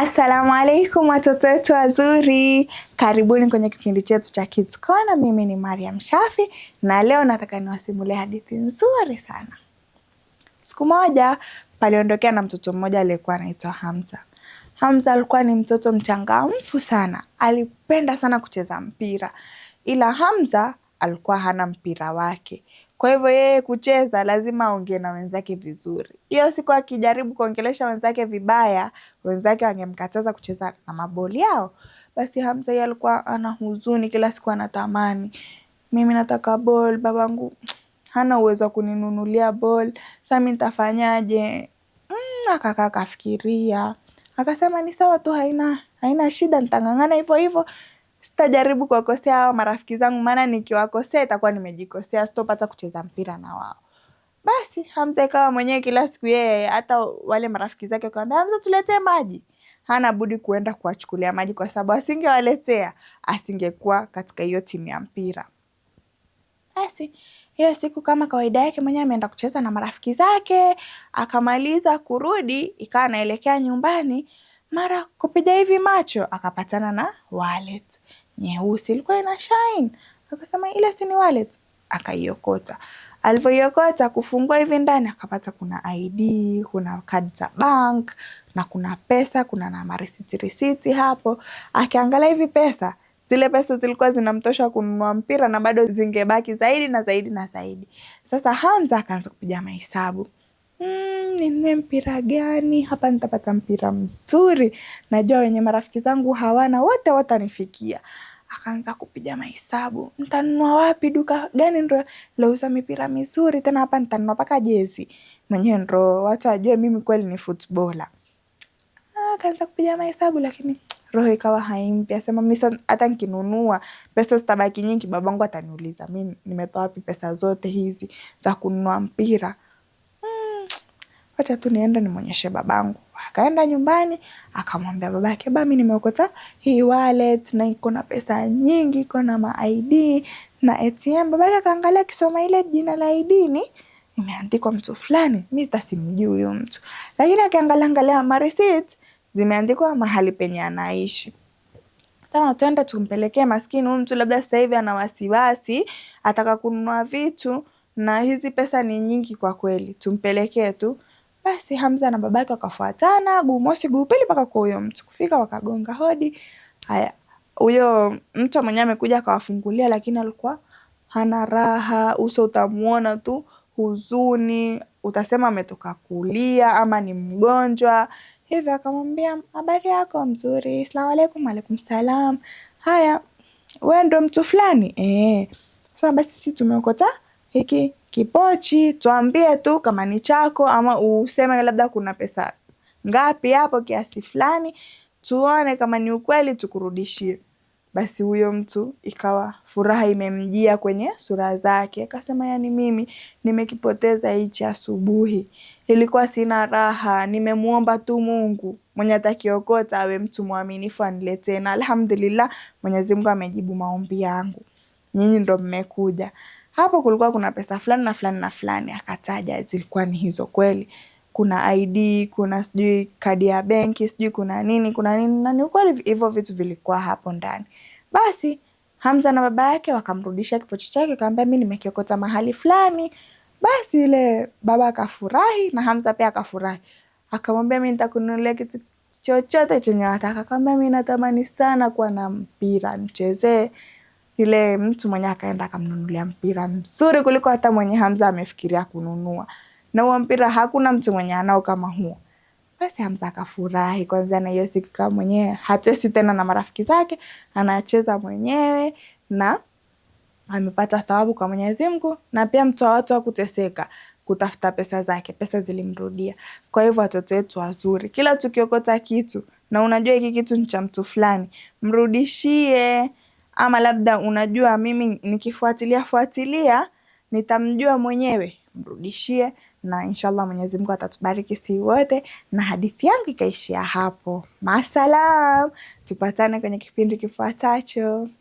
Assalamu alaikum watoto wetu wazuri, karibuni kwenye kipindi chetu cha Kids Corner. Mimi ni Mariam Shafi na leo nataka niwasimulie hadithi nzuri sana. Siku moja paliondokea na mtoto mmoja aliyekuwa anaitwa Hamza. Hamza alikuwa ni mtoto mchangamfu sana, alipenda sana kucheza mpira, ila Hamza alikuwa hana mpira wake, kwa hivyo yeye kucheza lazima aongee na wenzake vizuri. Hiyo siku akijaribu kuongelesha wenzake vibaya, wenzake wangemkataza kucheza na maboli yao. Basi Hamza yeye alikuwa ana huzuni, kila siku anatamani, mimi nataka bol babangu hana uwezo wa kuninunulia bol sa mi Mm, Akakaa akafikiria, akasema ni sawa tu, haina haina shida, ntang'ang'ana hivyo hivyo sitajaribu kuwakosea hao marafiki zangu, maana nikiwakosea itakuwa nimejikosea, sitopata kucheza mpira na wao. Basi Hamza ikawa mwenyewe kila siku yeye, hata wale marafiki zake wakamwambia, Hamza, tuletee maji, hana budi kuenda kuwachukulia maji, kwa sababu asingewaletea asingekuwa katika hiyo timu ya mpira. Basi hiyo siku kama kawaida yake mwenyewe ameenda kucheza na marafiki zake, akamaliza kurudi, ikawa anaelekea nyumbani mara kupiga hivi macho akapatana na wallet nyeusi, ilikuwa ina shine. Akasema ile si ni wallet, akaiokota. Alivyoiokota kufungua hivi ndani, akapata kuna ID, kuna card za bank na kuna pesa, kuna na marisiti risiti hapo. Akiangalia hivi pesa zile pesa zilikuwa zinamtosha kununua mpira na bado zingebaki zaidi na zaidi na zaidi. Sasa Hamza akaanza kupiga mahesabu. Hmm, Ninuwe mpira gani, hapa nitapata mpira mzuri, najua wenye marafiki zangu hawana wote watanifikia. Akaanza kupiga mahesabu, ntanunua wapi duka gani ndo lauza mipira mizuri, tena hapa ntanunua paka jezi. Mwenyewe ndo watu wajue mimi kweli ni futbola ah, Akaanza kupiga mahesabu lakini roho ikawa haimpi, asema mi hata nkinunua pesa zitabaki nyingi, babangu ataniuliza mi nimetoa wapi pesa zote hizi za kununua mpira wacha tu nienda nimwonyeshe babangu. Akaenda nyumbani akamwambia babake, ba, mimi nimeokota hii wallet na iko na pesa nyingi, iko na ma ID na ATM. Babake akaangalia akisoma ile jina la ID ni imeandikwa mtu fulani, mimi hata simjui huyo mtu, lakini akiangalia angalia ma receipt zimeandikwa mahali penye anaishi. Sasa tuende tumpelekee maskini huyu mtu, labda sasa hivi ana wasiwasi, ataka kununua vitu na hizi pesa ni nyingi kwa kweli, tumpelekee tu. Basi Hamza na babake wakafuatana guu mosi guu pili mpaka kwa huyo mtu. Kufika wakagonga hodi. Haya, huyo mtu mwenyewe amekuja akawafungulia, lakini alikuwa hana raha, uso utamuona tu huzuni, utasema ametoka kulia ama ni mgonjwa hivyo. Akamwambia habari yako? Mzuri. Salamu alaikum. Alaikum salam. Haya, wewe ndo mtu fulani? Eh. Sasa basi sisi tumeokota hiki kipochi tuambie tu kama ni chako ama useme labda kuna pesa ngapi hapo kiasi fulani tuone kama ni ukweli tukurudishie basi huyo mtu ikawa furaha imemjia kwenye sura zake, akasema yani, mimi nimekipoteza hichi asubuhi, ilikuwa sina raha, nimemwomba tu Mungu mwenye atakiokota awe mtu mwaminifu aniletee, na alhamdulillah Mwenyezi Mungu amejibu maombi yangu. Nyinyi ndo mmekuja hapo kulikuwa kuna pesa fulani na fulani na fulani, akataja zilikuwa ni hizo kweli. Kuna ID, kuna sijui kadi ya benki, sijui kuna nini, kuna nini, na ni ukweli hivyo vitu vilikuwa hapo ndani. Basi Hamza na baba yake wakamrudisha kipochi chake, akamwambia mimi nimekiokota mahali fulani. Basi ile baba akafurahi na Hamza pia akafurahi, akamwambia mimi nitakununulia kitu chochote chenye wataka. Kaambia mimi natamani sana kuwa na mpira nichezee ile mtu mwenye akaenda akamnunulia mpira mzuri kuliko hata mwenye Hamza amefikiria kununua, na huo mpira hakuna mtu mwenye anao kama huo. Basi Hamza akafurahi kwanza, na hiyo siku kama mwenyewe hatesi tena na marafiki zake, anacheza mwenyewe na amepata thawabu kwa Mwenyezi Mungu, na pia mtu wa watu hakuteseka kutafuta pesa zake, pesa zilimrudia. Kwa hivyo watoto wetu wazuri, kila tukiokota kitu na unajua hiki kitu ni cha mtu fulani, mrudishie ama labda unajua mimi nikifuatilia fuatilia nitamjua mwenyewe, mrudishie na inshallah Mwenyezi Mungu atatubariki si wote, na hadithi yangu ikaishia hapo. Masalam, tupatane kwenye kipindi kifuatacho.